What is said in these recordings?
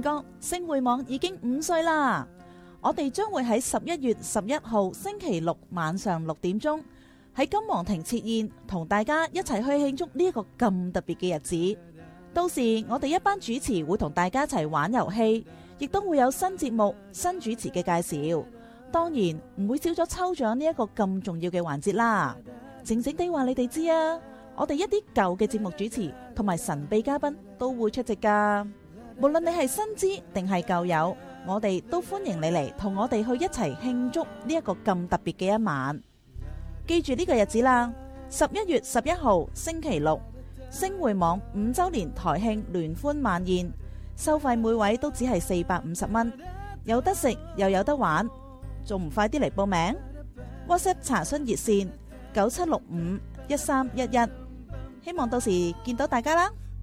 哥，星匯網已經五歲啦！我哋將會喺十一月十一號星期六晚上六點鐘喺金皇庭設宴，同大家一齊去慶祝呢一個咁特別嘅日子。到時我哋一班主持會同大家一齊玩遊戲，亦都會有新節目、新主持嘅介紹。當然唔會少咗抽獎呢一個咁重要嘅環節啦。靜靜地話你哋知啊，我哋一啲舊嘅節目主持同埋神秘嘉賓都會出席噶。無論你係新知定係舊友，我哋都歡迎你嚟同我哋去一齊慶祝呢一個咁特別嘅一晚。記住呢個日子啦，十一月十一號星期六，星匯網五周年台慶聯歡晚宴，收費每位都只係四百五十蚊，有得食又有得玩，仲唔快啲嚟報名？WhatsApp 查詢熱線九七六五一三一一，希望到時見到大家啦。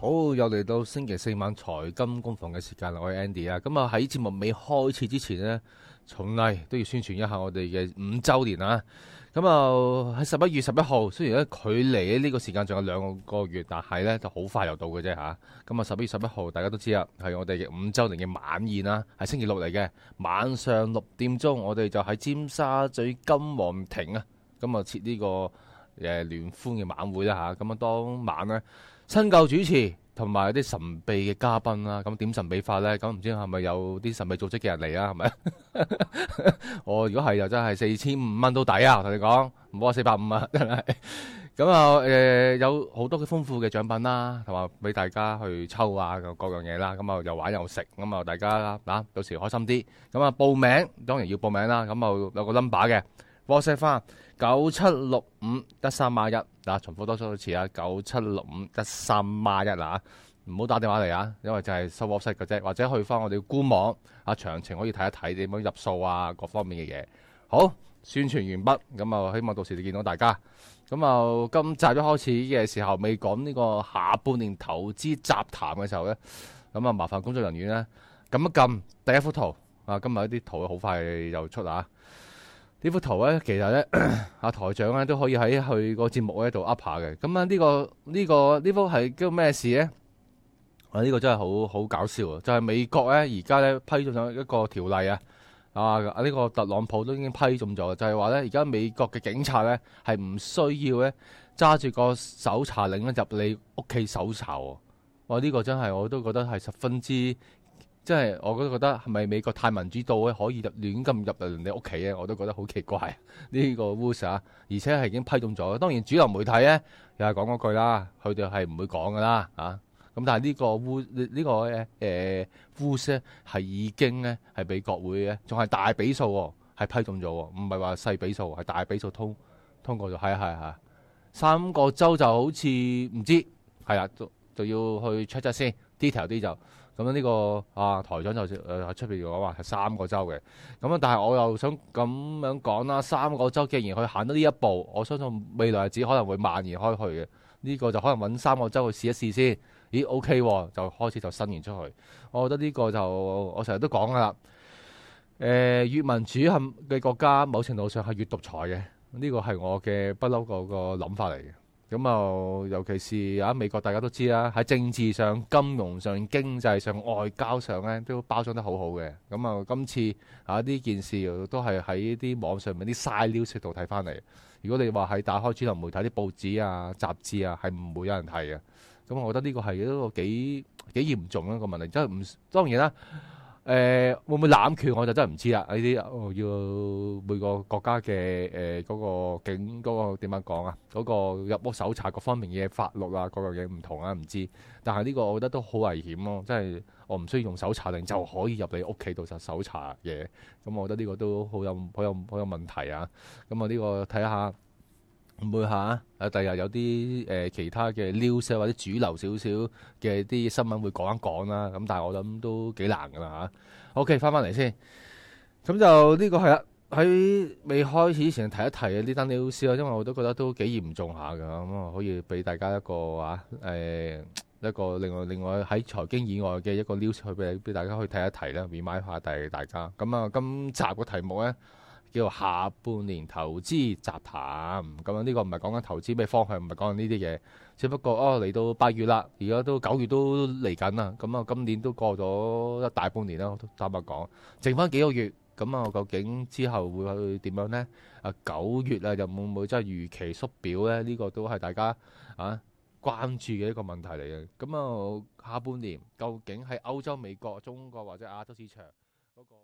好，又嚟到星期四晚財金攻防嘅時間啦，我係 Andy 啊。咁啊喺節目未開始之前呢，重黎都要宣傳一下我哋嘅五周年啊。咁啊喺十一月十一號，雖然咧距離呢個時間仲有兩個個月，但係呢就好快又到嘅啫吓，咁啊十一月十一號，大家都知啊，係我哋嘅五周年嘅晚宴啦，係星期六嚟嘅，晚上六點鐘，我哋就喺尖沙咀金皇庭啊，咁、嗯、啊設呢、呢個誒、嗯、聯歡嘅晚會啦吓，咁、嗯、啊、嗯、當晚呢。新舊主持同埋啲神秘嘅嘉賓啊，咁點神秘法咧？咁唔知係咪有啲神秘組織嘅人嚟啊？係咪？我如果係就真係四千五蚊都抵啊！我同你講唔好話四百五啊，真係咁啊！誒有好多嘅豐富嘅獎品啦，同埋俾大家去抽啊各樣嘢啦，咁啊又玩又食，咁啊大家啊到時開心啲。咁啊報名當然要報名啦，咁啊有個 number 嘅。WhatsApp 翻九七六五一三孖一，嗱、啊、重複多數一次啊，九七六五一三孖一嗱，唔好打電話嚟啊，因為就係收 WhatsApp 嘅啫。或者去翻我哋官網啊，詳情可以睇一睇，點樣入數啊，各方面嘅嘢。好，宣傳完畢，咁啊希望到時你見到大家。咁啊今集一開始嘅時候未講呢個下半年投資雜談嘅時候咧，咁啊，啊麻煩工作人員咧撳一撳第一幅圖啊，今日一啲圖好快又出啊。呢幅圖咧，其實咧，阿、 啊、台長咧都可以喺佢個節目嗰度 up 下嘅。咁啊，呢個呢個呢幅係叫咩事咧？啊，呢、這個真係好好搞笑啊！就係、是、美國咧，而家咧批准咗一個條例啊，啊、這、呢個特朗普都已經批准咗，就係話咧，而家美國嘅警察咧係唔需要咧揸住個搜查令咧入你屋企搜查喎。哇、啊，呢、這個真係我都覺得係十分之～即係我都覺得係咪美國太民主到咧可以入亂咁入人哋屋企咧？我都覺得好奇怪呢、呢個 Whoozer，而且係已經批中咗。當然主流媒體咧又係講嗰句啦，佢哋係唔會講噶啦啊。咁但係呢個 w 呢、呢個誒誒 Whoozer 係已經咧係俾國會嘅，仲係大比數喎，係批中咗喎，唔係話細比數，係大比數通通過咗。係係係三個州就好似唔知係啊，就就要去 check 一先 detail 啲就。咁呢、這個啊台長就誒喺出邊講話係三個州嘅，咁啊但係我又想咁樣講啦，三個州既然可以行到呢一步，我相信未來日子可能會蔓延開去嘅。呢、這個就可能揾三個州去試一試先，咦 OK 就開始就伸延出去。我覺得呢個就我成日都講㗎喇，誒、呃、越民主嘅國家某程度上係越獨裁嘅，呢、這個係我嘅不嬲個個諗法嚟嘅。咁啊，尤其是啊美國，大家都知啦，喺政治上、金融上、經濟上、外交上咧，都包裝得好好嘅。咁啊，今次啊呢件事都係喺啲網上面啲細料識度睇翻嚟。如果你話喺打開主流媒體啲報紙啊、雜誌啊，係唔會有人睇嘅。咁我覺得呢個係一個幾幾嚴重一個問題，即係唔當然啦。誒、呃、會唔會濫權我就真係唔知啦，呢啲、哦、要每個國家嘅誒嗰個警嗰、嗰個點樣講啊？嗰、嗰個入屋搜查各方面嘢法律啊，各樣嘢唔同啊，唔知。但係呢個我覺得都好危險咯、啊，即係我唔需要用搜查令，令就可以入你屋企度搜查嘢。咁我覺得呢個都好有好有好有問題啊。咁我呢個睇下。唔會嚇，啊！第日有啲誒其他嘅 news 或者主流少少嘅啲新聞會講一講啦。咁但係我諗都幾難㗎啦嚇。OK，翻翻嚟先。咁就呢個係啦，喺未開始以前提一提啊，呢單 news 啊，因為我都覺得都幾嚴重下嘅咁啊，可以俾大家一個啊誒一個另外另外喺財經以外嘅一個 news 去俾俾大家可以睇一睇啦，remind 下大大家。咁啊，今集個題目咧，叫做下半年投資雜談咁樣，呢、這個唔係講緊投資咩方向，唔係講緊呢啲嘢，只不過哦嚟到八月啦，而家都九月都嚟緊啦，咁、嗯、啊今年都過咗一大半年啦，我都坦白講，剩返幾個月，咁、嗯、啊究竟之後會去點樣呢？啊九月會會、這個、啊，就會唔會真係如期縮表咧？呢個都係大家啊關注嘅一個問題嚟嘅。咁、嗯、啊下半年究竟喺歐洲、美國、中國或者亞洲市場嗰、那個